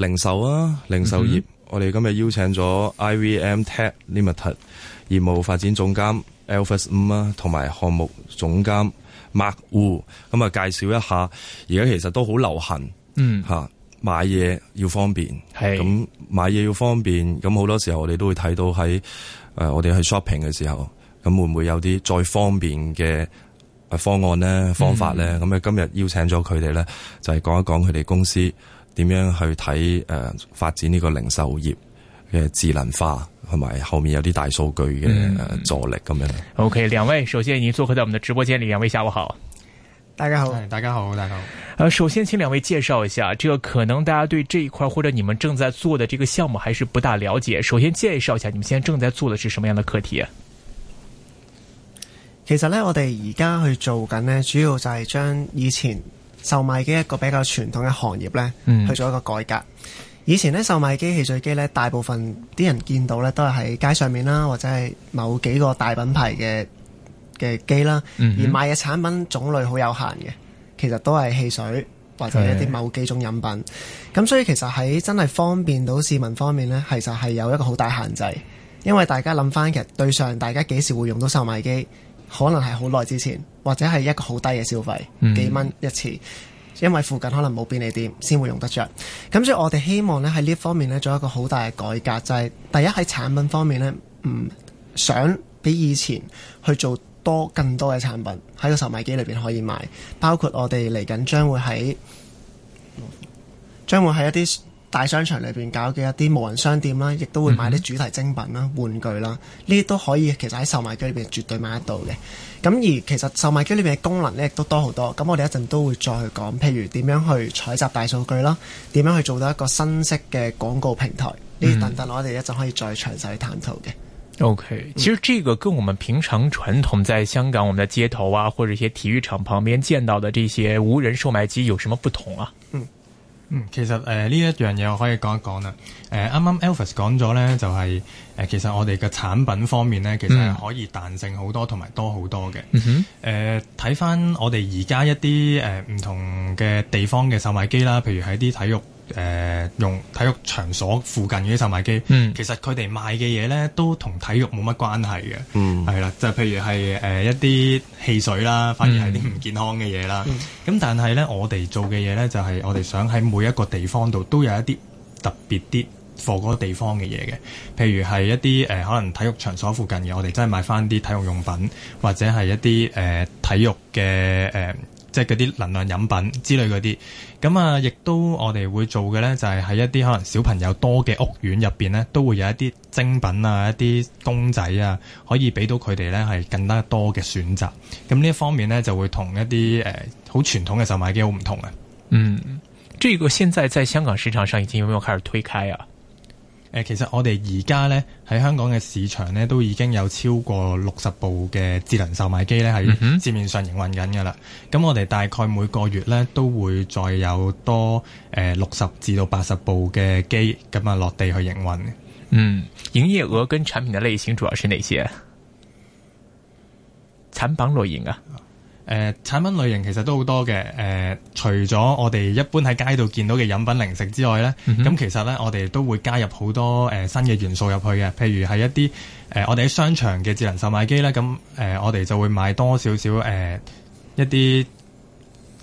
零售啊，零售業，嗯、哼我哋今日邀請咗 IVM Tech Limited 業務發展總監 Elvis Um 啊，同埋項目總監 Mark Wu，咁啊介紹一下，而家其實都好流行，嗯吓買嘢要方便，係咁是買嘢要方便，咁好多時候我哋都會睇到喺誒、呃、我哋去 shopping 嘅時候，咁會唔會有啲再方便嘅方案咧、方法咧？咁啊、嗯、今日邀請咗佢哋咧，就係、是、講一講佢哋公司。點樣去睇誒、呃、發展呢個零售業嘅智能化，同埋後面有啲大數據嘅、嗯呃、助力咁樣。OK，兩位首先已經做客在我們的直播間裏，兩位下午好，大家好，大家好，大家好，大家好。首先請兩位介紹一下，這個可能大家對這一塊或者你們正在做的這個項目還是不大了解。首先介紹一下，你們現在正在做的是什麼樣的課題、啊？其實呢我哋而家去做緊呢，主要就係將以前，售賣機一個比較傳統嘅行業呢，mm hmm. 去做一個改革。以前呢，售賣機、汽水機呢，大部分啲人見到呢，都係喺街上面啦，或者係某幾個大品牌嘅嘅機啦。Mm hmm. 而賣嘅產品種類好有限嘅，其實都係汽水或者一啲某幾種飲品。咁、mm hmm. 所以其實喺真係方便到市民方面呢，其實係有一個好大限制。因為大家諗翻其實對上大家幾時會用到售賣機？可能係好耐之前，或者係一個好低嘅消費，mm hmm. 幾蚊一次，因為附近可能冇便利店，先會用得着。咁所以我哋希望呢喺呢方面呢，做一個好大嘅改革，就係、是、第一喺產品方面呢，唔想比以前去做多更多嘅產品喺個售賣機裏邊可以買，包括我哋嚟緊將會喺將會喺一啲。大商場裏邊搞嘅一啲無人商店啦，亦都會賣啲主題精品啦、嗯、玩具啦，呢啲都可以其實喺售賣機裏邊絕對買得到嘅。咁而其實售賣機裏邊嘅功能呢，亦都多好多。咁我哋一陣都會再去講，譬如點樣去採集大數據啦，點樣去做到一個新式嘅廣告平台呢啲、嗯、等等，我哋一陣可以再詳細探討嘅。OK，嗯、其實這個跟我們平常傳統在香港，我們的街頭啊，或者一些體育場旁邊見到的這些無人售賣機有什麼不同啊？嗯。嗯，其實誒呢、呃、一樣嘢我可以講一講啦。誒啱啱 Elvis 講咗咧，就係、是、誒、呃、其實我哋嘅產品方面咧，其實係可以彈性好多，同埋多好多嘅。嗯哼。誒睇翻我哋而家一啲誒唔同嘅地方嘅售賣機啦，譬如喺啲體育。誒、呃、用體育場所附近嗰啲售賣機，嗯、其實佢哋賣嘅嘢咧都同體育冇乜關係嘅。係啦、嗯，就譬如係誒、呃、一啲汽水啦，反而係啲唔健康嘅嘢啦。咁、嗯嗯、但係咧，我哋做嘅嘢咧就係、是、我哋想喺每一個地方度都有一啲特別啲貨嗰個地方嘅嘢嘅，譬如係一啲誒、呃、可能體育場所附近嘅，我哋真係買翻啲體育用品，或者係一啲誒、呃、體育嘅誒。呃即係嗰啲能量飲品之類嗰啲，咁啊，亦都我哋會做嘅呢，就係喺一啲可能小朋友多嘅屋苑入邊呢，都會有一啲精品啊，一啲公仔啊，可以俾到佢哋呢係更加多嘅選擇。咁呢一方面呢，就會同一啲誒好傳統嘅售賣機好唔同啊。嗯，這個現在在香港市場上已經有沒有開始推開啊？誒，其實我哋而家呢，喺香港嘅市場呢，都已經有超過六十部嘅智能售賣機呢，喺市面上營運緊㗎喇。咁、嗯、哼我哋大概每個月呢，都會再有多誒六十至到八十部嘅機咁啊落地去營運。嗯，營業額跟產品嘅類型主要是哪些？產品類型呀？誒、呃、產品類型其實都好多嘅，誒、呃、除咗我哋一般喺街度見到嘅飲品零食之外呢，咁、嗯、哼其實呢，我哋都會加入好多誒、呃、新嘅元素入去嘅，譬如係一啲誒、呃、我哋喺商場嘅智能售賣機呢，咁、呃、誒我哋就會買多少少誒、呃、一啲誒、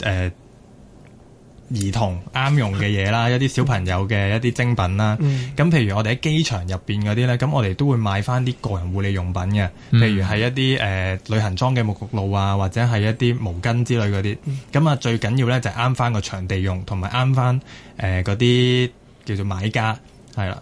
呃兒童啱用嘅嘢啦， 一啲小朋友嘅一啲精品啦。咁、嗯，譬如我哋喺機場入邊嗰啲呢，咁我哋都會買翻啲個人護理用品嘅，譬如係一啲誒、呃、旅行裝嘅沐浴露啊，或者係一啲毛巾之類嗰啲。咁啊、嗯，最緊要呢就係啱翻個場地用，同埋啱翻誒嗰啲叫做買家，係啦。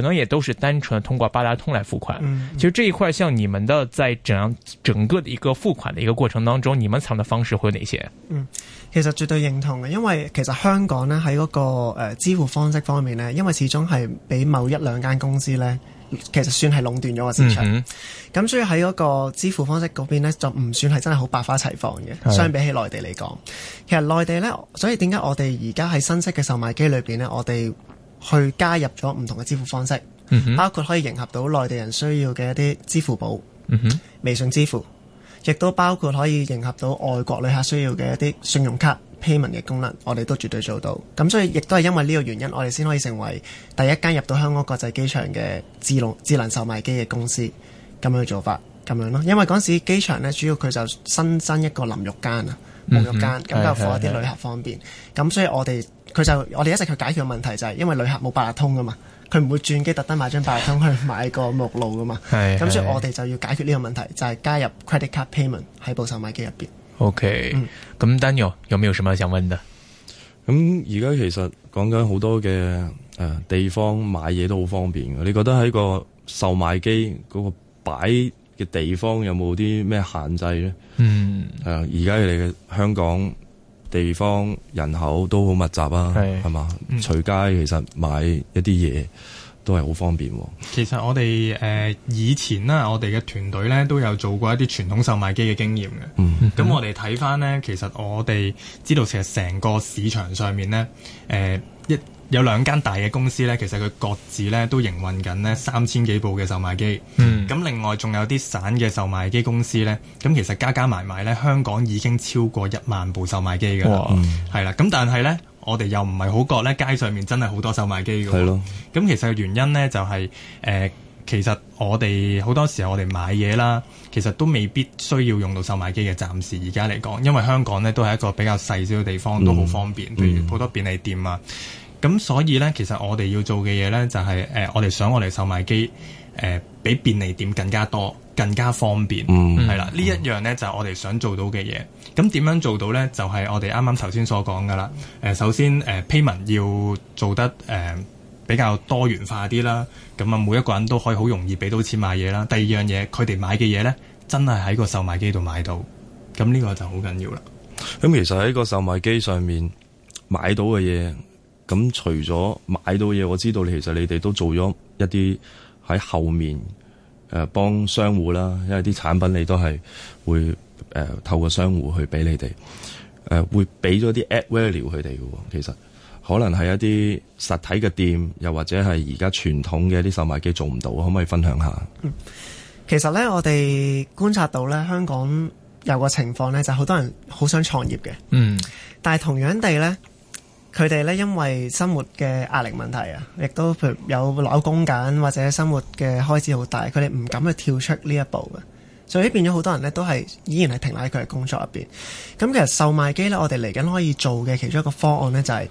可能也都是單純通過八達通來付款。嗯，其實這一塊，像你們的在整整個的一個付款的一個過程當中，你們採用的方式會有哪些？嗯，其實絕對認同嘅，因為其實香港呢喺嗰個誒支付方式方面呢，因為始終係俾某一兩間公司呢，其實算係壟斷咗個市場。咁、嗯嗯、所以喺嗰個支付方式嗰邊呢，就唔算係真係好百花齊放嘅。的相比起內地嚟講，其實內地呢，所以點解我哋而家喺新式嘅售賣機裏邊呢，我哋。去加入咗唔同嘅支付方式，mm hmm. 包括可以迎合到內地人需要嘅一啲支付寶、mm hmm. 微信支付，亦都包括可以迎合到外國旅客需要嘅一啲信用卡 payment 嘅功能，我哋都絕對做到。咁所以亦都係因為呢個原因，我哋先可以成為第一間入到香港國際機場嘅智能智能售賣機嘅公司咁樣嘅做法，咁樣咯。因為嗰陣時機場咧，主要佢就新增一個淋浴間啊、沐浴間，咁、mm hmm. 就 for 一啲旅客方便。咁所以我哋。佢就我哋一直去解決嘅問題就係、是、因為旅客冇八達通㗎嘛，佢唔會轉機特登買張八達通去買個目錄㗎嘛，咁 所以我哋就要解決呢個問題，就係、是、加入 credit card payment 喺部售賣機入邊。OK，咁 Daniel、嗯、有冇有，有什麼想問嘅？咁而家其實講緊好多嘅誒地方買嘢都好方便嘅，你覺得喺個售賣機嗰個擺嘅地方有冇啲咩限制咧？嗯，誒而家嚟嘅香港。地方人口都好密集啊，係咪？隨街其實買一啲嘢都係好方便，啊。其實我哋誒、呃、以前咧，我哋嘅團隊呢都有做過一啲傳統售賣機嘅經驗嘅。咁、嗯、我哋睇返呢， 其實我哋知道其實成個市場上面呢，誒、呃、一。有兩間大嘅公司呢，其實佢各自呢都營運緊呢三千幾部嘅售賣機。嗯，咁另外仲有啲散嘅售賣機公司呢，咁其實加加埋埋呢，香港已經超過一萬部售賣機嘅。哇！係、嗯、啦，咁但係呢，我哋又唔係好覺呢街上面真係好多售賣機嘅。咁其實嘅原因呢，就係、是、誒、呃，其實我哋好多時候我哋買嘢啦，其實都未必需要用到售賣機嘅。暫時而家嚟講，因為香港呢都係一個比較細小嘅地方，都好方便，譬、嗯嗯、如好多便利店啊。咁所以呢，其實我哋要做嘅嘢呢，就係誒，我哋想我哋售賣機誒，比便利店更加多、更加方便，係啦。呢一樣呢，就係我哋想做到嘅嘢。咁點樣做到呢？就係我哋啱啱頭先所講噶啦。誒，首先誒，payment 要做得誒比較多元化啲啦。咁啊，每一個人都可以好容易俾到錢買嘢啦。第二樣嘢，佢哋買嘅嘢呢，真係喺個售賣機度買到。咁呢個就好緊要啦。咁其實喺個售賣機上面買到嘅嘢。咁除咗買到嘢，我知道其實你哋都做咗一啲喺後面誒、呃、幫商戶啦，因為啲產品你都係會誒、呃、透過商戶去俾你哋誒、呃，會俾咗啲 add value 佢哋嘅喎。其實可能係一啲實體嘅店，又或者係而家傳統嘅啲售賣機做唔到，可唔可以分享下？嗯，其實呢，我哋觀察到呢，香港有個情況呢，就係好多人好想創業嘅。嗯，但係同樣地呢。佢哋咧，因為生活嘅壓力問題啊，亦都譬如有攞公緊，或者生活嘅開支好大，佢哋唔敢去跳出呢一步嘅，所以變咗好多人呢，都係依然係停喺佢嘅工作入邊。咁其實售賣機呢，我哋嚟緊可以做嘅其中一個方案呢，就係，就係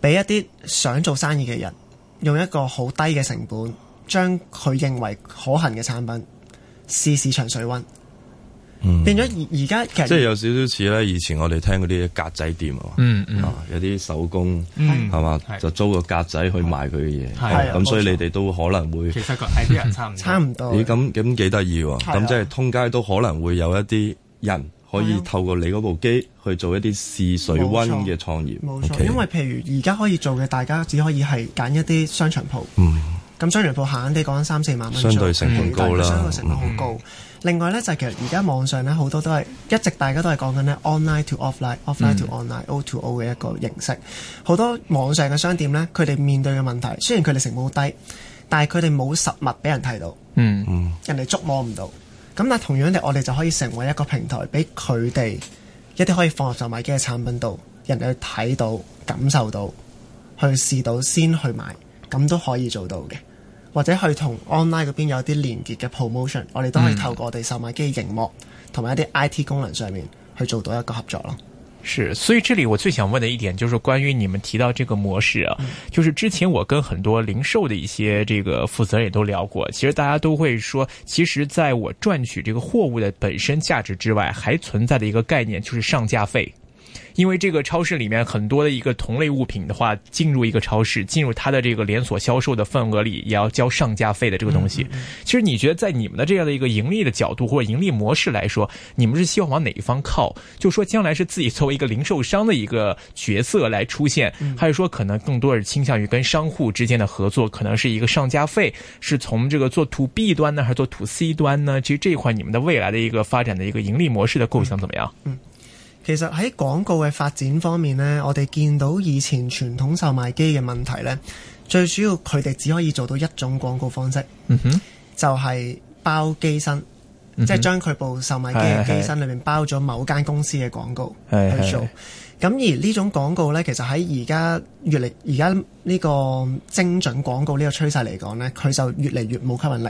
俾一啲想做生意嘅人，用一個好低嘅成本，將佢認為可行嘅產品試市場水溫。變咗而而家，其實即係有少少似咧，以前我哋聽嗰啲格仔店啊，有啲手工係嘛，就租個格仔去賣佢嘅嘢。咁所以你哋都可能會，其實個係啲人差唔多。咦，咁咁幾得意喎！咁即係通街都可能會有一啲人可以透過你嗰部機去做一啲試水温嘅創業。冇錯，因為譬如而家可以做嘅，大家只可以係揀一啲商場鋪。咁商場鋪慳啲，講緊三四萬蚊，相對成本高啦，相對成本好高。另外呢，就係、其實而家網上呢，好多都係一直大家都係講緊呢 online to offline、offline to online、O to O 嘅一個形式。嗯、好多網上嘅商店呢，佢哋面對嘅問題，雖然佢哋成本好低，但係佢哋冇實物俾人睇到，嗯，人哋捉摸唔到。咁但同樣地，我哋就可以成為一個平台，俾佢哋一啲可以放入售賣機嘅產品度，人哋去睇到、感受到、去試到先去買，咁都可以做到嘅。或者去同 online 嗰邊有啲連結嘅 promotion，我哋都可以透過我哋售賣機嘅熒幕同埋一啲 IT 功能上面去做到一個合作咯。是，所以這裏我最想問的一點，就是關於你們提到這個模式啊，就是之前我跟很多零售的一些這個負責人也都聊過，其實大家都會說，其實在我賺取這個貨物的本身價值之外，還存在的一個概念，就是上架費。因為這個超市裏面很多的一個同類物品的話，進入一個超市，進入它的這個連鎖銷售的份額裏，也要交上架費的這個東西。其實你覺得在你們的這樣的一個盈利的角度或者盈利模式來說，你們是希望往哪一方靠？就說將來是自己作為一個零售商的一個角色來出現，還是說可能更多是傾向於跟商戶之間的合作？可能是一個上架費，是從這個做 to B 端呢，還是做 to C 端呢？其實這一塊你們的未來的一個發展的一個盈利模式的構想怎麼樣？嗯。嗯其實喺廣告嘅發展方面呢，我哋見到以前傳統售賣機嘅問題呢，最主要佢哋只可以做到一種廣告方式，mm hmm. 就係包機身，mm hmm. 即係將佢部售賣機嘅機身裏面包咗某間公司嘅廣告去做。咁、mm hmm. 而呢種廣告呢，其實喺而家越嚟而家呢個精準廣告呢個趨勢嚟講呢，佢就越嚟越冇吸引力，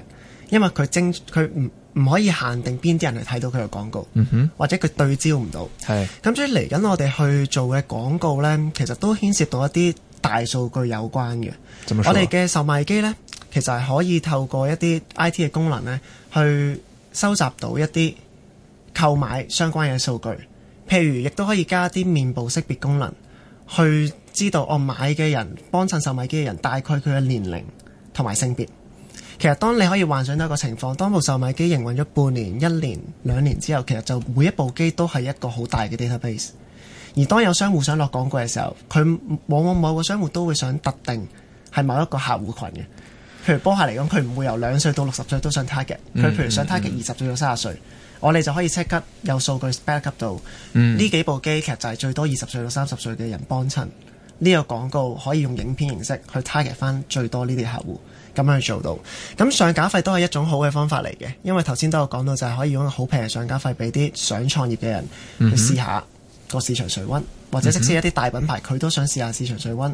因為佢精佢唔唔可以限定邊啲人去睇到佢嘅廣告，嗯、哼或者佢對焦唔到。係咁是，所以嚟緊我哋去做嘅廣告咧，其實都牽涉到一啲大數據有關嘅。我哋嘅售賣機咧，其實係可以透過一啲 I T 嘅功能咧，去收集到一啲購買相關嘅數據，譬如，亦都可以加啲面部識別功能，去知道我買嘅人幫襯售賣機嘅人，人大概佢嘅年齡同埋性別。其實，當你可以幻想到一個情況，當部售賣機營運咗半年、一年、兩年之後，其實就每一部機都係一個好大嘅 database。而當有商戶想落廣告嘅時候，佢往往每個商戶都會想特定係某一個客戶群嘅。譬如波客嚟講，佢唔會由兩歲到六十歲都想 target。佢譬如想 target 二十歲到三十歲，mm hmm. 我哋就可以 check 得有數據 spec up 到呢、mm hmm. 幾部機，其實就係最多二十歲到三十歲嘅人幫襯呢個廣告，可以用影片形式去 target 翻最多呢啲客戶。咁樣去做到，咁上架費都係一種好嘅方法嚟嘅，因為頭先都有講到，就係可以用好平嘅上架費俾啲想創業嘅人去試下個市場水溫，mm hmm. 或者即使一啲大品牌，佢都想試下市場水溫。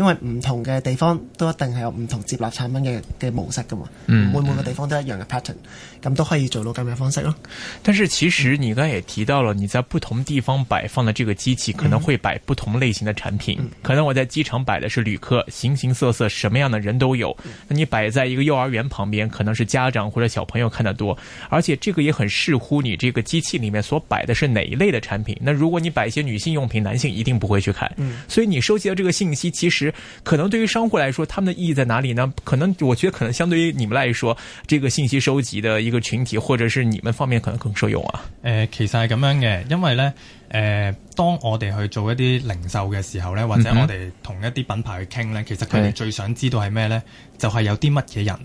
因為唔同嘅地方都一定係有唔同接納產品嘅嘅模式噶嘛，嗯。每每個地方都一樣嘅 pattern，咁都可以做到咁嘅方式咯。但是其實你剛才也提到了，你在不同地方擺放的這個機器可能會擺不同類型的產品，嗯、可能我在機場擺的是旅客形形色色，什麼樣的人都有。那你擺在一個幼兒園旁邊，可能是家長或者小朋友看得多，而且這個也很視乎你這個機器裏面所擺的是哪一類的產品。那如果你擺一些女性用品，男性一定不會去看。嗯、所以你收集嘅這個信息其實。可能對於商戶來說，他們的意義在哪裡呢？可能我覺得可能相對於你們來說，這個信息收集的一個群體，或者是你們方面可能更受用啊。誒、呃，其實係咁樣嘅，因為呢，誒、呃，當我哋去做一啲零售嘅時候呢，或者我哋同一啲品牌去傾呢，嗯、哼其實佢哋最想知道係咩呢？就係、是、有啲乜嘢人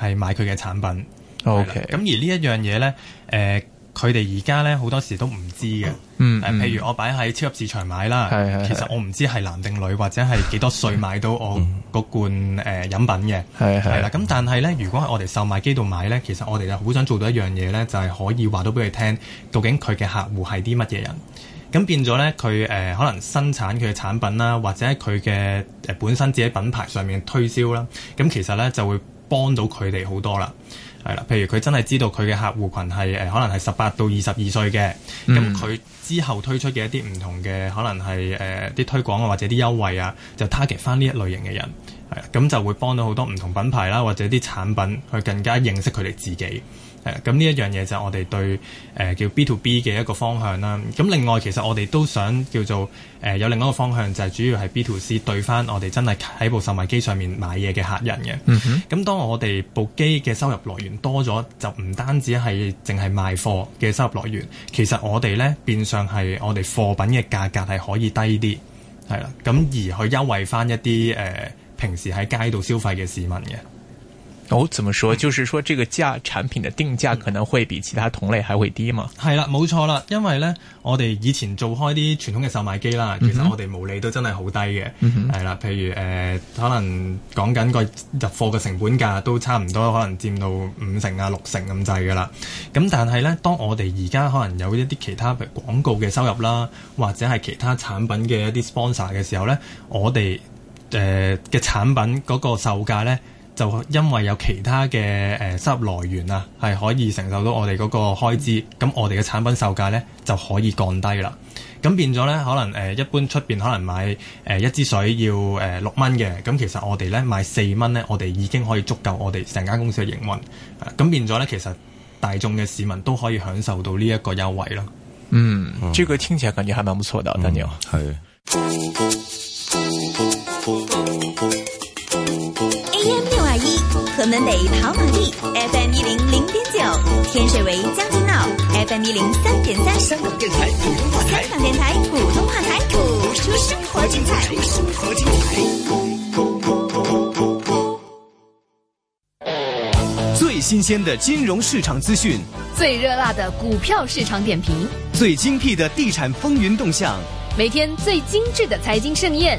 係買佢嘅產品。OK，咁而呢一樣嘢呢。誒、呃。佢哋而家咧好多時都唔知嘅，誒、嗯，譬如我擺喺超級市場買啦、嗯，其實我唔知係男定女或者係幾多歲買到我嗰罐誒飲品嘅，係啦。咁但係咧，如果喺我哋售賣機度買咧，其實我哋就好想做到一樣嘢咧，就係可以話到俾佢聽，究竟佢嘅客戶係啲乜嘢人。咁變咗咧，佢誒可能生產佢嘅產品啦，或者佢嘅本身自己品牌上面嘅推銷啦，咁其實咧就會幫到佢哋好多啦。係啦，譬如佢真係知道佢嘅客戶群係誒、呃，可能係十八到二十二歲嘅，咁佢、嗯、之後推出嘅一啲唔同嘅，可能係誒啲推廣啊，或者啲優惠啊，就 target 翻呢一類型嘅人，係，咁就會幫到好多唔同品牌啦，或者啲產品去更加認識佢哋自己。誒咁呢一樣嘢就係我哋對誒、呃、叫 B to B 嘅一個方向啦。咁另外其實我哋都想叫做誒、呃、有另一個方向，就係、是、主要係 B to C 對翻我哋真係喺部售賣機上面買嘢嘅客人嘅。咁、嗯、哼當我哋部機嘅收入來源多咗，就唔單止係淨係賣貨嘅收入來源，其實我哋咧變相係我哋貨品嘅價格係可以低啲，係啦。咁而去優惠翻一啲誒、呃、平時喺街度消費嘅市民嘅。哦，oh, 怎麼說？就是說，這個價產品的定價可能會比其他同類還會低嘛？係啦，冇錯啦，因為呢，我哋以前做開啲傳統嘅售賣機啦，嗯、哼其實我哋毛利都真係好低嘅。係啦、嗯哼，譬如誒、呃，可能講緊個入貨嘅成本價都差唔多，可能佔到五成啊六成咁滯噶啦。咁但係呢，當我哋而家可能有一啲其他廣告嘅收入啦，或者係其他產品嘅一啲 sponsor 嘅時候呢，我哋誒嘅產品嗰個售價呢，就因為有其他嘅誒、呃、收入來源啊，係可以承受到我哋嗰個開支，咁我哋嘅產品售價咧就可以降低啦。咁變咗咧，可能誒、呃、一般出邊可能買誒、呃、一支水要誒、呃、六蚊嘅，咁其實我哋咧買四蚊咧，我哋已經可以足夠我哋成間公司嘅營運。咁、啊、變咗咧，其實大眾嘅市民都可以享受到呢一個優惠咯。嗯，朱古力天池嘅感覺係咪唔錯噶？阿 d a 屯門北跑馬地 FM 一零零點九，天水圍將軍澳 FM 一零三點三，香港電台普通話台。香港電台普通話台，普出生活精彩，生活精彩。最新鮮的金融市場資訊，最熱辣的股票市場點評，最精辟的地產風雲動向，每天最精致的財經盛宴。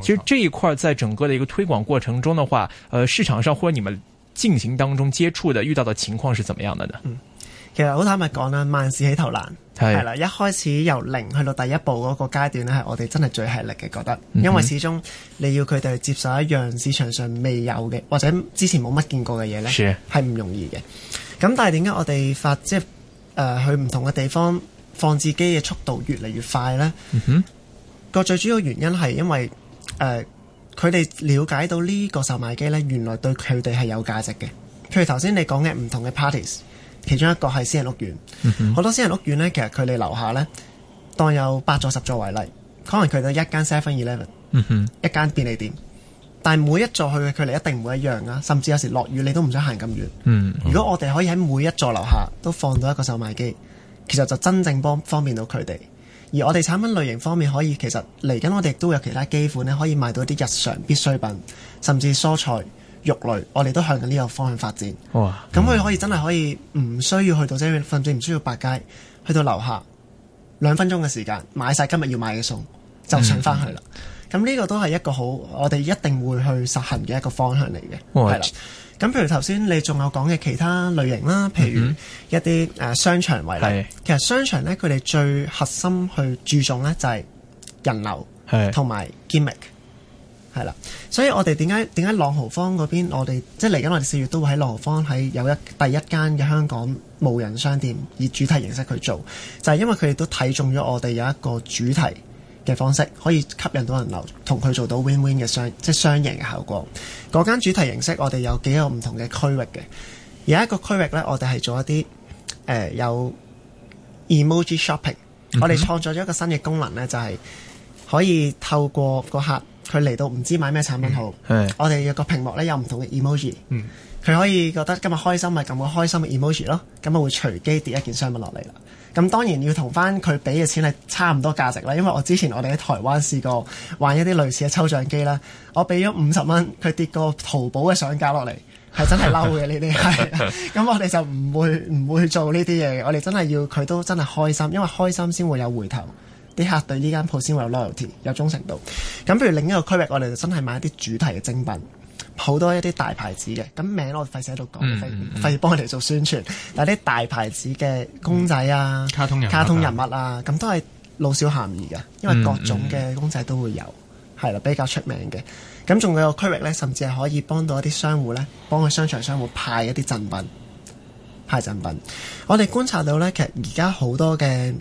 其實這一塊在整個的一個推廣過程中的話，呃，市場上或者你們進行當中接觸的遇到的情況是怎麼樣的呢？嗯，其實，好坦白講啦，萬事起頭難係啦是。一開始由零去到第一步嗰個階段咧，係我哋真係最吃力嘅，覺得因為始終你要佢哋接受一樣市場上未有嘅或者之前冇乜見過嘅嘢呢，係唔是容易嘅。咁但係點解我哋發即係誒去唔同嘅地方放置機嘅速度越嚟越快呢？嗯哼，個最主要原因係因為。誒，佢哋、uh, 了解到呢個售賣機咧，原來對佢哋係有價值嘅。譬如頭先你講嘅唔同嘅 parties，其中一個係私人屋苑，好、mm hmm. 多私人屋苑咧，其實佢哋樓下咧，當有八座十座為例，可能佢哋一間 seven eleven，一間便利店，但係每一座去嘅距離一定唔會一樣啊，甚至有時落雨你都唔想行咁遠，mm hmm. 如果我哋可以喺每一座樓下都放到一個售賣機，其實就真正幫方便到佢哋。而我哋產品類型方面可以，其實嚟緊我哋都有其他機款呢可以買到啲日常必需品，甚至蔬菜肉類，我哋都向緊呢個方向發展。哇、哦！咁、嗯、佢可以真係可以唔需要去到即係，甚至唔需要百佳，去到樓下兩分鐘嘅時間買晒今日要買嘅餸，就上翻去啦。咁呢、嗯、個都係一個好，我哋一定會去實行嘅一個方向嚟嘅。係、哦、啦。咁，譬如頭先你仲有講嘅其他類型啦，譬如一啲誒商場為例，嗯、哼其實商場咧，佢哋最核心去注重咧就係、是、人流同埋 gimmick。係啦的。所以我哋點解點解朗豪坊嗰邊，我哋即係嚟緊，就是、我哋四月都會喺朗豪坊喺有一第一間嘅香港無人商店以主題形式去做，就係、是、因為佢哋都睇中咗我哋有一個主題。嘅方式可以吸引到人流，同佢做到 win win 嘅雙即係雙贏嘅效果。嗰間主題形式，我哋有幾個唔同嘅區域嘅。有一個區域咧，我哋係做一啲誒、呃、有 emoji shopping。我哋創作咗一個新嘅功能咧，就係、是、可以透過個客佢嚟到唔知買咩產品好。嗯、我哋有個屏幕咧，有唔同嘅 emoji。佢、嗯、可以覺得今日開心咪咁開心嘅 emoji 咯，咁咪會隨機跌一件商品落嚟啦。咁當然要同翻佢俾嘅錢係差唔多價值啦，因為我之前我哋喺台灣試過玩一啲類似嘅抽獎機啦，我俾咗五十蚊，佢跌個淘寶嘅相架落嚟，係真係嬲嘅呢啲，係， 咁我哋就唔會唔會做呢啲嘢，我哋真係要佢都真係開心，因為開心先會有回頭，啲客對呢間鋪先會有 loyalty，有忠誠度。咁譬如另一個區域，我哋就真係買一啲主題嘅精品。好多一啲大牌子嘅，咁名我費事喺度講，費事幫我哋做宣傳。但係啲大牌子嘅公仔啊，卡通卡通人物啊，咁、啊啊、都係老少咸宜嘅，因為各種嘅公仔都會有，係啦、嗯，比較出名嘅。咁仲有個區域呢，甚至係可以幫到一啲商戶呢，幫佢商場商戶派一啲贈品，派贈品。我哋觀察到呢，其實而家好多嘅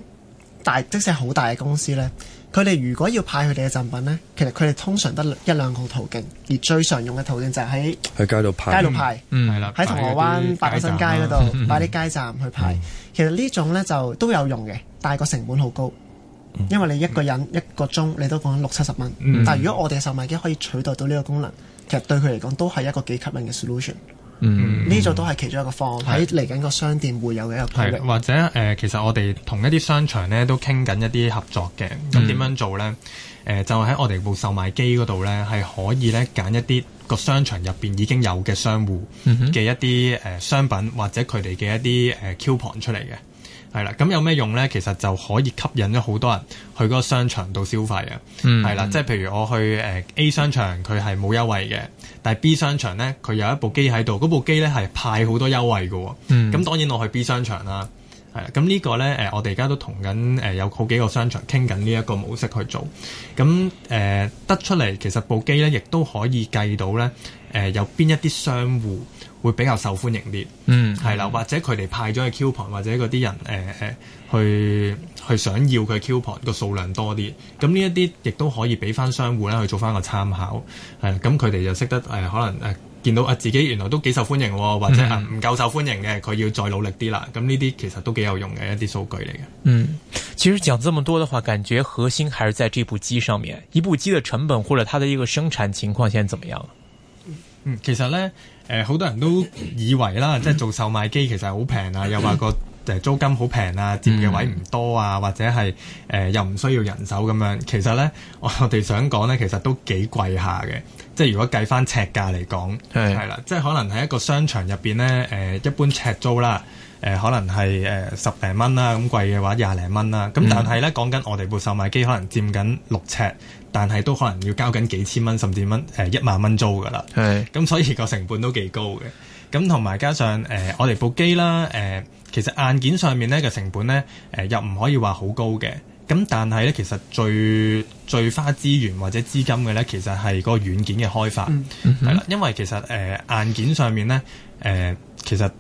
大，即使好大嘅公司呢。佢哋如果要派佢哋嘅贈品呢，其實佢哋通常得一兩個途徑，而最常用嘅途徑就係喺喺街度派街度派嗯街嗯，嗯，係啦，喺銅鑼灣百德新街嗰度擺啲街站去派。嗯、其實呢種呢就都有用嘅，但係個成本好高，因為你一個人一個鐘你都講六七十蚊。但係如果我哋嘅售賣機可以取代到呢個功能，其實對佢嚟講都係一個幾吸引嘅 solution。嗯，呢度都係其中一個方案，喺嚟緊個商店會有嘅一個係，或者誒、呃，其實我哋同一啲商場咧都傾緊一啲合作嘅。咁點樣做咧？誒、嗯呃，就喺我哋部售賣機嗰度咧，係可以咧揀一啲個商場入邊已經有嘅商戶嘅一啲誒商品，嗯、哼或者佢哋嘅一啲誒 coupon、呃、出嚟嘅。係啦，咁有咩用咧？其實就可以吸引咗好多人去嗰個商場度消費啊。係啦，嗯，即係譬如我去誒、呃、A 商場，佢係冇優惠嘅，但係 B 商場咧，佢有一部機喺度，嗰部機咧係派好多優惠㗎。咁、嗯、當然我去 B 商場啦。係啦，咁呢個咧誒，我哋而家都同緊誒有好幾個商場傾緊呢一個模式去做。咁誒、呃、得出嚟，其實部機咧亦都可以計到咧。誒、呃、有邊一啲商戶會比較受歡迎啲、嗯呃呃？嗯，係啦，或者佢哋派咗去 coupon，或者嗰啲人誒誒去去想要佢 coupon 個數量多啲，咁呢一啲亦都可以俾翻商戶咧去做翻個參考。係咁佢哋就識得誒，可能誒見到啊自己原來都幾受歡迎喎，或者係唔夠受歡迎嘅，佢要再努力啲啦。咁呢啲其實都幾有用嘅一啲數據嚟嘅。嗯，其實講這麼多的話，感覺核心還是在這部機上面。一部機嘅成本或者它的一個生產情況，現在怎麼樣？嗯，其實咧，誒、呃、好多人都以為啦，即係做售賣機其實好平啊，又話個誒租金好平啊，佔嘅位唔多啊，或者係誒、呃、又唔需要人手咁樣。其實咧，我哋想講咧，其實都幾貴下嘅。即係如果計翻尺價嚟講，係係啦，即係可能喺一個商場入邊咧，誒、呃、一般尺租啦，誒、呃、可能係誒、呃、十零蚊啦，咁貴嘅話廿零蚊啦。咁但係咧，嗯、講緊我哋部售賣機可能佔緊六尺。但係都可能要交緊幾千蚊甚至蚊誒一萬蚊租㗎喇，咁是、嗯、所以個成本都幾高嘅。咁同埋加上誒、呃、我哋部機啦，誒、呃、其實硬件上面咧嘅成本咧誒、呃、又唔可以話好高嘅。咁但係咧，其實最最花資源或者資金嘅咧，其實係嗰個軟件嘅開發，係啦、嗯，嗯、因為其實誒、呃、硬件上面咧誒、呃、其實。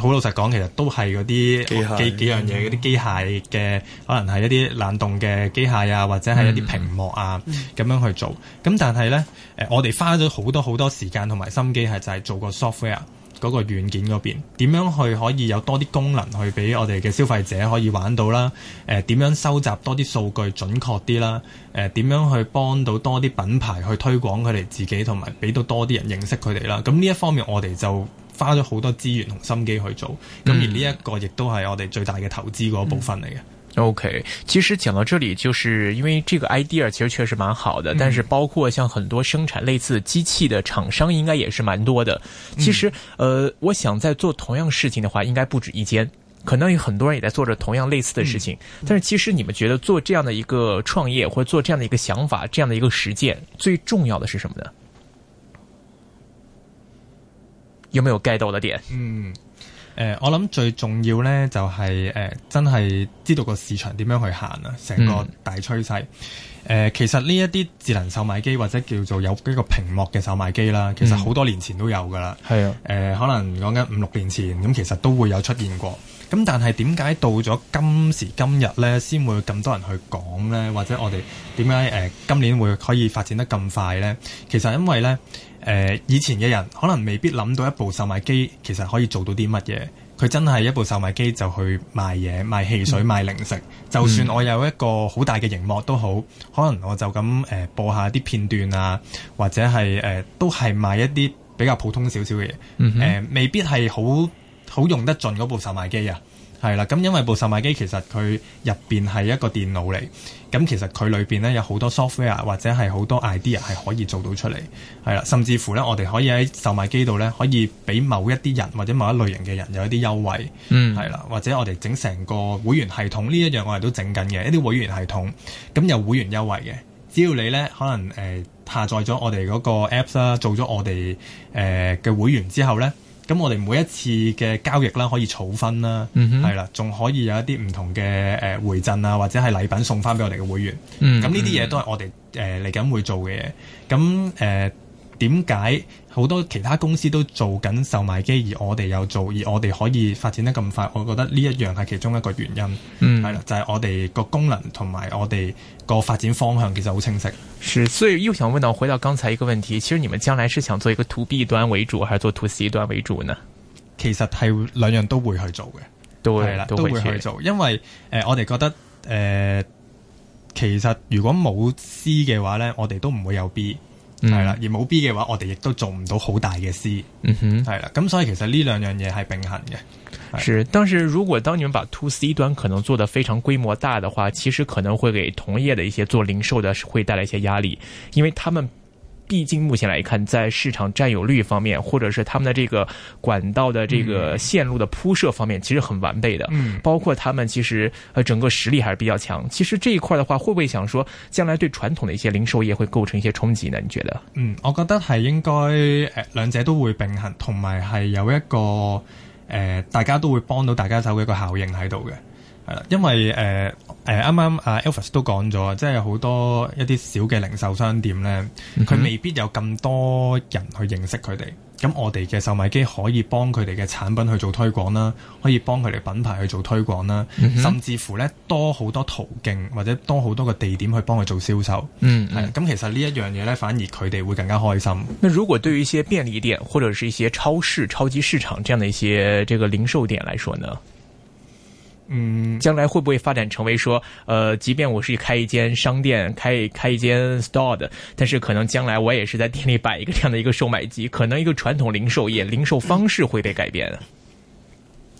好老實講，其實都係嗰啲機幾幾樣嘢，嗰啲、嗯、機械嘅，可能係一啲冷凍嘅機械啊，或者係一啲屏幕啊，咁、嗯、樣去做。咁但係呢，誒、呃，我哋花咗好多好多時間同埋心機，係就係做個 software 嗰個軟件嗰、那個、邊點樣去可以有多啲功能去俾我哋嘅消費者可以玩到啦。誒、呃，點樣收集多啲數據準確啲啦？誒、呃，點樣去幫到多啲品牌去推廣佢哋自己，同埋俾到多啲人認識佢哋啦。咁呢一方面，我哋就。花咗好多資源同心機去做，咁而呢一個亦都係我哋最大嘅投資嗰部分嚟嘅。嗯、okay，其實講到這裏，就是因為呢個 idea 其實確實蠻好嘅，嗯、但是包括像很多生產類似機器嘅廠商，應該也是蠻多嘅。其實，呃，我想在做同樣事情嘅話，應該不止一間，可能有很多人也在做着同樣類似嘅事情。嗯、但是，其實你們覺得做這樣的一個創業，或者做這樣的一個想法，這樣的一個實踐，最重要嘅是什麼呢？有冇有 get 到嗰啲啊？嗯，誒、呃，我諗最重要呢就係、是、誒、呃，真係知道個市場點樣去行啊，成個大趨勢。誒、嗯呃，其實呢一啲智能售賣機或者叫做有呢個屏幕嘅售賣機啦，其實好多年前都有噶啦。係啊、嗯，誒、呃，可能講緊五六年前，咁、嗯、其實都會有出現過。咁但係點解到咗今時今日呢，先會咁多人去講呢？或者我哋點解誒今年會可以發展得咁快呢？其實因為呢。誒、呃、以前嘅人可能未必諗到一部售賣機其實可以做到啲乜嘢，佢真係一部售賣機就去賣嘢、賣汽水、嗯、賣零食。就算我有一個好大嘅熒幕，都好，可能我就咁誒、呃、播下啲片段啊，或者係誒、呃、都係賣一啲比較普通少少嘅嘢。誒、嗯哼呃、未必係好好用得盡嗰部售賣機啊。係啦，咁因為部售賣機其實佢入邊係一個電腦嚟，咁其實佢裏邊咧有好多 software 或者係好多 idea 係可以做到出嚟，係啦，甚至乎咧我哋可以喺售賣機度咧可以俾某一啲人或者某一類型嘅人有一啲優惠，係啦、嗯，或者我哋整成個會員系統呢一樣我哋都整緊嘅，一啲會員系統，咁有會員優惠嘅，只要你咧可能誒、呃、下載咗我哋嗰個 apps 啦，做咗我哋誒嘅會員之後咧。咁我哋每一次嘅交易啦，可以儲分啦，係啦、嗯哼，仲可以有一啲唔同嘅誒回贈啊，或者係禮品送翻俾我哋嘅會員。嗯，嗯，咁呢啲嘢都係我哋誒嚟緊會做嘅嘢。咁誒點解？呃好多其他公司都做緊售賣機，而我哋有做，而我哋可以發展得咁快，我覺得呢一樣係其中一個原因。係啦、嗯，就係、是、我哋個功能同埋我哋個發展方向其實好清晰。是，所以又想問到，回到剛才一個問題，其實你們將來是想做一個 to B 端為主，還是做 to C 端為主呢？其實係兩樣都會去做嘅，係啦，都會去做。因為誒、呃，我哋覺得誒、呃，其實如果冇 C 嘅話咧，我哋都唔會有 B。係啦，而冇 B 嘅話，我哋亦都做唔到好大嘅 C。嗯哼，係啦，咁所以其實呢兩樣嘢係並行嘅。係。但是如果當你們把 to C 端可能做得非常規模大的話，其實可能會給同業的一些做零售的會帶來一些壓力，因為他們。畢竟目前來看，在市場占有率方面，或者是他們的這個管道的這個線路的鋪設方面，嗯、其實很完備的。嗯，包括他們其實，呃，整個實力還是比較強。其實這一塊的話，會不會想說，將來對傳統的一些零售業會構成一些衝擊呢？你覺得？嗯，我覺得係應該，誒、呃，兩者都會並行，同埋係有一個、呃，大家都會幫到大家手嘅一個效應喺度嘅，係啦，因為誒。呃誒，啱啱阿 Elvis 都講咗，即係好多一啲小嘅零售商店咧，佢、嗯、哼未必有咁多人去認識佢哋。咁我哋嘅售賣機可以幫佢哋嘅產品去做推廣啦，可以幫佢哋品牌去做推廣啦，嗯、哼甚至乎咧多好多途徑或者多好多個地點去幫佢做銷售。嗯，嗯，係咁、嗯，其實呢一樣嘢咧，反而佢哋會更加開心。那如果對於一些便利店或者是一些超市、超級市場這樣的一些這個零售點來說呢？嗯，將來會不會發展成為說，呃，即便我是開一間商店，開開一間 store，但是可能將來我也是在店裏擺一個這樣的一個售賣機，可能一個傳統零售業零售方式會被改變。誒、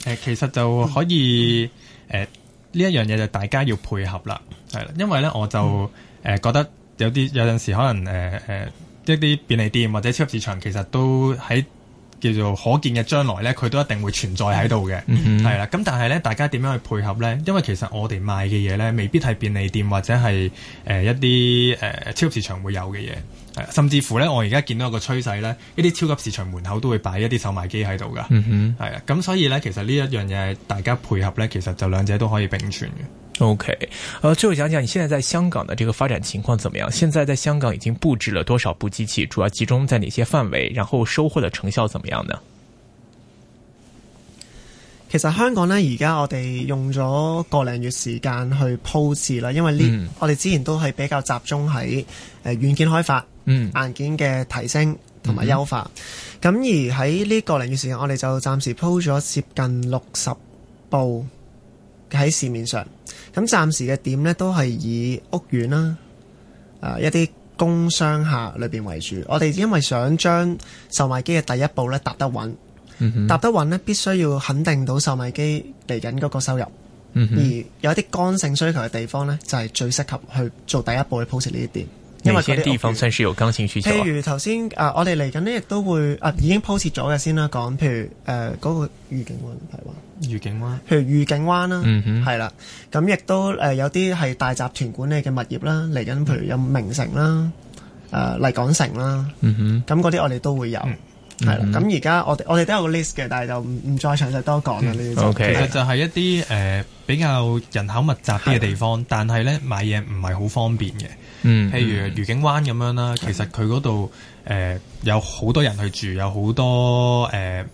呃，其實就可以，誒呢、嗯呃、一樣嘢就大家要配合啦，係啦，因為咧我就誒、嗯呃、覺得有啲有陣時可能誒誒一啲便利店或者超級市場其實都喺。叫做可見嘅將來呢，佢都一定會存在喺度嘅，係啦、嗯哼。咁但係呢，大家點樣去配合呢？因為其實我哋賣嘅嘢呢，未必係便利店或者係誒、呃、一啲誒、呃、超級市場會有嘅嘢，甚至乎呢，我而家見到一個趨勢呢，一啲超級市場門口都會擺一啲售賣機喺度噶，係啊、嗯哼。咁所以呢，其實呢一樣嘢大家配合呢，其實就兩者都可以並存嘅。O、okay. K，、呃、最後講講你現在在香港的這個發展情況怎麼樣？現在在香港已經布置了多少部機器？主要集中在哪些範圍？然後收穫的成效怎麼樣呢？其實香港呢，而家我哋用咗個零月時間去鋪置啦，因為呢，嗯、我哋之前都係比較集中喺誒、呃、軟件開發，嗯、硬件嘅提升同埋優化。咁、嗯、而喺呢個零月時間，我哋就暫時鋪咗接近六十部喺市面上。咁暫時嘅點呢，都係以屋苑啦、啊，啊、呃、一啲工商客裏邊為主。我哋因為想將售賣機嘅第一步咧搭得穩，嗯、哼搭得穩呢，必須要肯定到售賣機嚟緊嗰個收入。嗯、哼而有一啲剛性需求嘅地方呢，就係、是、最適合去做第一步去鋪設呢啲點。因為啲地方需要有剛性需求？譬如頭先啊，我哋嚟緊呢，亦都會啊已經鋪設咗嘅先啦，講譬如誒嗰個預警雲係御景灣，譬如御景灣啦，係啦、嗯哼，咁亦都誒有啲係大集團管理嘅物業啦，嚟緊譬如有名城啦，誒、呃、麗港城啦，嗯哼，咁嗰啲我哋都會有，係啦、嗯哼，咁而家我我哋都有個 list 嘅，但係就唔唔再詳細多講啦，呢啲、嗯、就，okay. 了其實就係一啲誒、呃、比較人口密集啲嘅地方，的但係咧買嘢唔係好方便嘅，嗯，譬如御景灣咁樣啦，其實佢嗰度誒有好多人去住，有好多誒。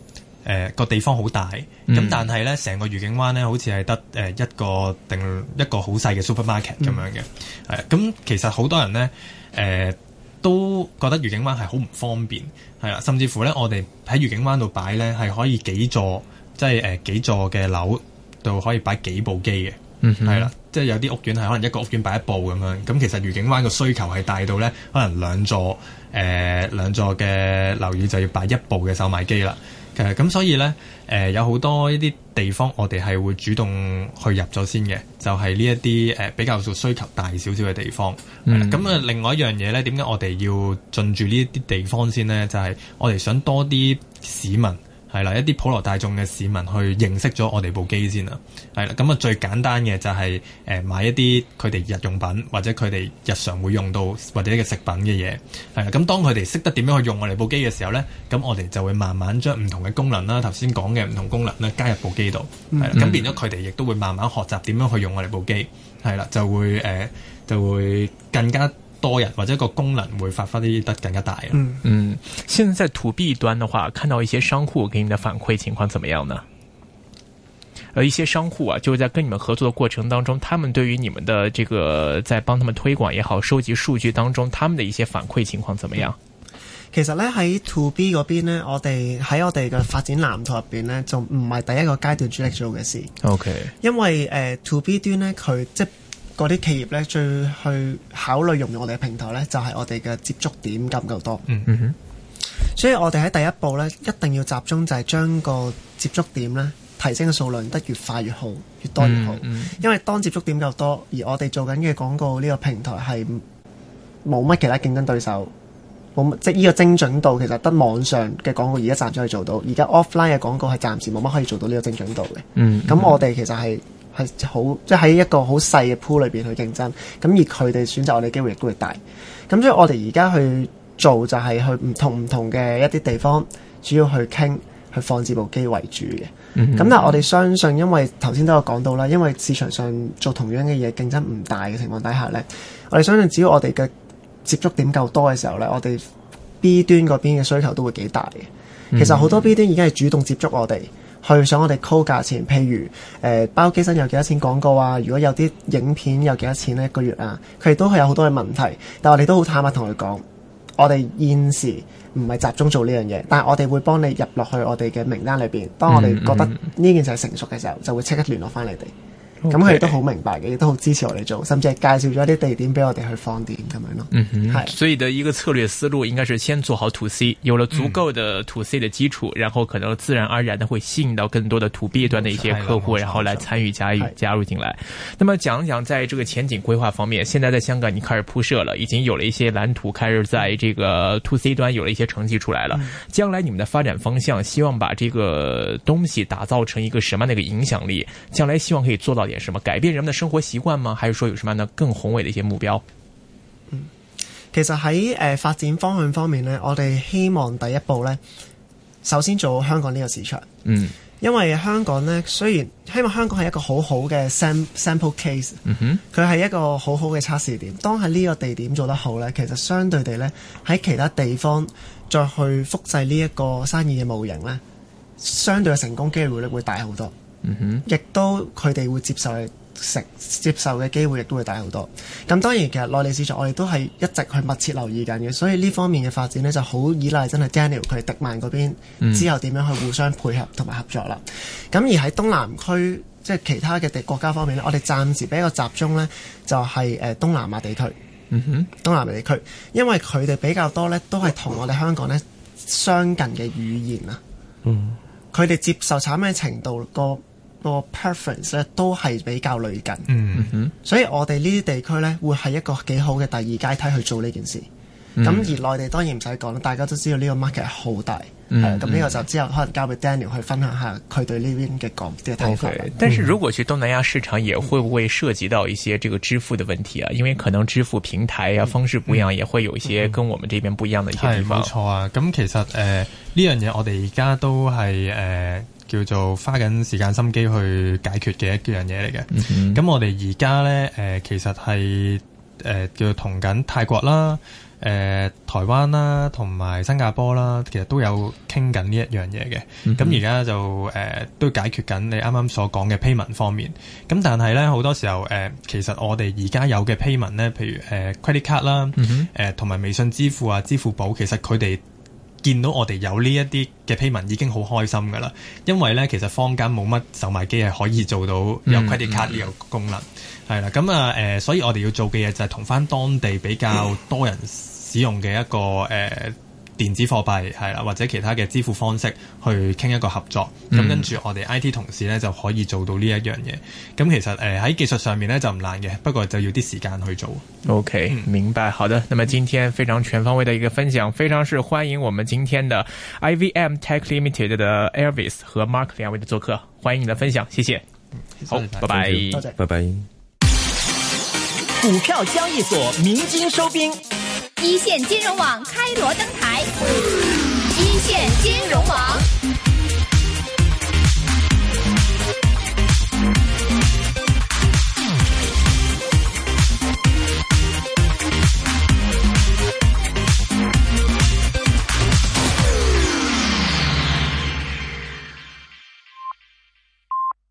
誒、呃、個地方好大，咁、嗯、但係呢，成個愉景灣呢，好似係得誒一個定一個好細嘅 supermarket 咁樣嘅，係咁、嗯啊、其實好多人呢，誒、呃、都覺得愉景灣係好唔方便，係啦。甚至乎呢，我哋喺愉景灣度擺呢，係可以幾座，即係誒幾座嘅樓度可以擺幾部機嘅，係、嗯、哼啦。即係有啲屋苑係可能一個屋苑擺一部咁樣，咁其實愉景灣嘅需求係大到呢，可能兩座誒、呃、兩座嘅樓宇就要擺一部嘅售賣機啦。其實咁所以呢，誒、呃、有好多一啲地方，我哋係會主動去入咗先嘅，就係呢一啲誒，比較做需求大少少嘅地方。咁啊、嗯，另外一樣嘢呢，點解我哋要進駐呢啲地方先呢？就係、是、我哋想多啲市民。係啦，一啲普羅大眾嘅市民去認識咗我哋部機先啊。係啦，咁啊，最簡單嘅就係、是、誒、呃、買一啲佢哋日用品或者佢哋日常會用到或者呢個食品嘅嘢。係啦，咁當佢哋識得點樣去用我哋部機嘅時候咧，咁我哋就會慢慢將唔同嘅功能啦，頭先講嘅唔同功能咧，加入部機度。係啦，咁、嗯、變咗佢哋亦都會慢慢學習點樣去用我哋部機。係啦，就會誒、呃、就會更加多人或者個功能會發揮得更加大。嗯，現在在 to B 端的話，看到一些商戶給你的反饋情況怎麼樣呢？而一些商戶啊，就是在跟你們合作的過程當中，他們對於你們的這個在幫他們推廣也好，收集數據當中，他們的一些反饋情況怎麼樣、嗯？其實呢，喺 to B 嗰邊呢，我哋喺我哋嘅發展藍圖入邊呢，就唔係第一個階段主力做嘅事。OK. 因為誒 to、呃、B 端呢，佢即嗰啲企業咧，最去考慮用用我哋嘅平台咧，就係、是、我哋嘅接觸點夠唔夠多？嗯哼、mm。Hmm. 所以我哋喺第一步咧，一定要集中，就係將個接觸點咧提升嘅數量，得越快越好，越多越好。Mm hmm. 因為當接觸點夠多，而我哋做緊嘅廣告呢個平台係冇乜其他競爭對手，冇乜。即呢個精準度，其實得網上嘅廣告而家暫時可以做到。而家 offline 嘅廣告係暫時冇乜可以做到呢個精準度嘅。嗯、mm。咁、hmm. 我哋其實係。.係好，即係一個好細嘅 pool 裏邊去競爭，咁而佢哋選擇我哋機會亦都會大。咁所以我哋而家去做就係去唔同唔同嘅一啲地方，主要去傾去放置部機為主嘅。咁、嗯、哼但係我哋相信，因為頭先都有講到啦，因為市場上做同樣嘅嘢競爭唔大嘅情況底下呢，我哋相信只要我哋嘅接觸點夠多嘅時候呢，我哋 B 端嗰邊嘅需求都會幾大嘅。嗯、哼其實好多 B 端已經係主動接觸我哋。去想我哋 call 價錢，譬如誒、呃、包機身有幾多錢廣告啊？如果有啲影片有幾多錢咧一個月啊？佢哋都係有好多嘅問題，但我哋都好坦白同佢講，我哋現時唔係集中做呢樣嘢，但係我哋會幫你入落去我哋嘅名單裏邊。當我哋覺得呢件事係成熟嘅時候，就會即刻聯絡返你哋。咁佢哋都好明白嘅，亦都好支持我哋做，甚至係介紹咗一啲地點俾我哋去放電咁樣咯。嗯，嗯，哼是。係所以的一個策略思路，應該是先做好 to C，有了足夠的 to C 的基礎，嗯、然後可能自然而然的會吸引到更多的 to B 端的一些客戶，嗯嗯、然後來參與、嗯嗯、加入加入進來。嗯嗯、那麼講一講，在這個前景規劃方面，現在在香港已經開始鋪設了，已經有了一些藍圖，開始在這個 to C 端有了一些成績出來了。將、嗯嗯、來你們的發展方向，希望把這個東西打造成一個什麼樣的一個影響力？將來希望可以做到點？什麼改變人們的生活習慣嗎？還是說有什麼樣更宏偉的一些目標？嗯、其實喺誒、呃、發展方向方面咧，我哋希望第一步咧，首先做香港呢個市場。嗯，因為香港咧，雖然希望香港係一個好好嘅 sample case，嗯哼，佢係一個好好嘅測試點。當係呢個地點做得好咧，其實相對地咧，喺其他地方再去複製呢一個生意嘅模型咧，相對嘅成功機會咧會大好多。亦都佢哋會接受嘅食接受嘅機會亦都會大好多。咁當然其實內地市場我哋都係一直去密切留意緊嘅，所以呢方面嘅發展呢，就好依賴真係 Daniel 佢迪曼嗰邊之後點樣去互相配合同埋合作啦。咁而喺東南區即係其他嘅地國家方面呢，我哋暫時比較集中呢，就係誒東南亞地區。嗯，東南亞地區，因為佢哋比較多呢，都係同我哋香港呢相近嘅語言啊。佢哋接受產咩程度個。個 preference 咧都係比較類近，嗯、哼所以我哋呢啲地區咧會係一個幾好嘅第二階梯去做呢件事。咁、嗯、而內地當然唔使講，大家都知道呢個 market 好大。咁呢、嗯嗯啊、個就之後可能交俾 Daniel 去分享下佢對呢邊嘅講嘅睇法。但是如果去東南亞市場，也會唔會涉及到一些這個支付嘅問題啊？嗯、因為可能支付平台啊、嗯、方式唔一樣，嗯、也會有一些跟我們這邊唔一樣嘅一些地方。冇、嗯嗯、錯啊！咁其實誒呢樣嘢，呃這個、我哋而家都係誒。呃嗯叫做花緊時間心機去解決嘅一樣嘢嚟嘅。咁、mm hmm. 我哋而家呢，誒、呃、其實係誒、呃、叫同緊泰國啦、誒、呃、台灣啦、同埋新加坡啦，其實都有傾緊呢一樣嘢嘅。咁而家就誒、呃、都解決緊你啱啱所講嘅批文方面。咁但係呢，好多時候誒、呃，其實我哋而家有嘅批文呢，譬如誒、呃、credit card 啦、誒同埋微信支付啊、支付寶，其實佢哋。見到我哋有呢一啲嘅批文已經好開心噶啦，因為咧其實坊間冇乜售賣機係可以做到有 credit card 呢個功能，係啦、嗯，咁啊誒，所以我哋要做嘅嘢就係同返當地比較多人使用嘅一個誒。呃電子貨幣係啦，或者其他嘅支付方式去傾一個合作，咁、嗯、跟住我哋 IT 同事呢，就可以做到呢一樣嘢。咁、嗯、其實誒喺、呃、技術上面呢，就唔難嘅，不過就要啲時間去做。OK，嗯、明白，好的。那麼今天非常全方位嘅一個分享，非常是歡迎我們今天的 IVM Tech Limited 的 Elvis 和 Mark 兩位嘅做客，歡迎你的分享，謝謝。嗯、好，拜拜，拜拜。股票交易所鳴金收兵。一線金融網開鑼登台，一線金融網。